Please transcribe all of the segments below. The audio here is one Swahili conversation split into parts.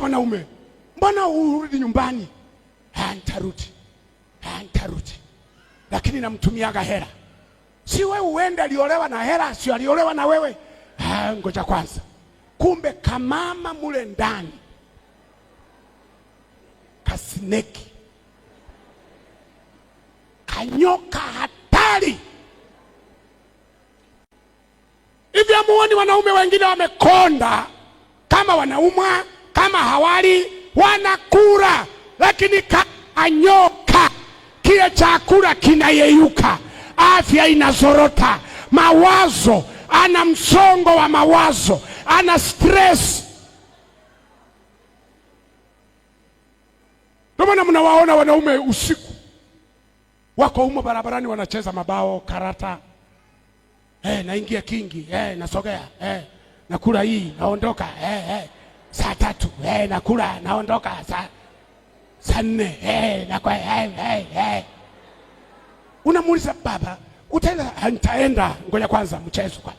Wanaume, mbona urudi nyumbani? Ah, ntarudi, ah, ntarudi, lakini namtumiaga hela. Si wewe uende, aliolewa na hela, si aliolewa na wewe. Ah, ngoja kwanza. Kumbe kamama mule ndani kasineki kanyoka hatari hivi. Amuoni wanaume wengine wamekonda kama wanaumwa kama hawali wanakula, lakini kaanyoka, kile chakula kinayeyuka, afya inazorota, mawazo, ana msongo wa mawazo, ana stress. Ndio maana mnawaona wanaume usiku wako humo barabarani wanacheza mabao, karata, eh, naingia kingi, eh, nasogea, eh, nakula hii, naondoka, eh, hey. Eh hey, nakula naondoka saa nne hey, nakwa hey, hey, hey. Unamuuliza baba, utaenda? Nitaenda, ngoja kwanza mchezo kwa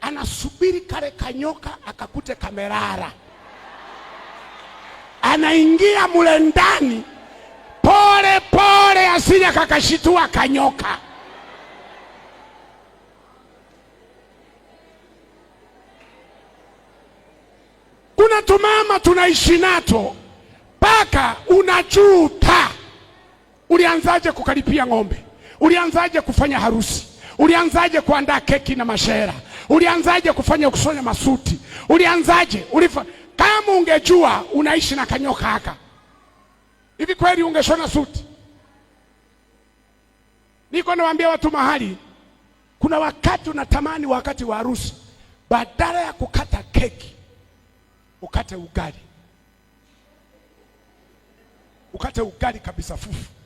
anasubiri kale kanyoka akakute kamerara, anaingia mule ndani pole pole, asija kakashitua kanyoka. Kila tumama tunaishi nato mpaka unajuta. Ulianzaje kukaripia ng'ombe? Ulianzaje kufanya harusi? Ulianzaje kuandaa keki na mashera? Ulianzaje kufanya kusonya masuti? Ulianzaje? Ulifa... kama ungejua unaishi na kanyoka haka hivi, kweli ungeshona suti? Niko nawaambia watu mahali, kuna wakati unatamani wakati wa harusi, badala ya kukata keki ukate ugali, ukate ugali kabisa fufu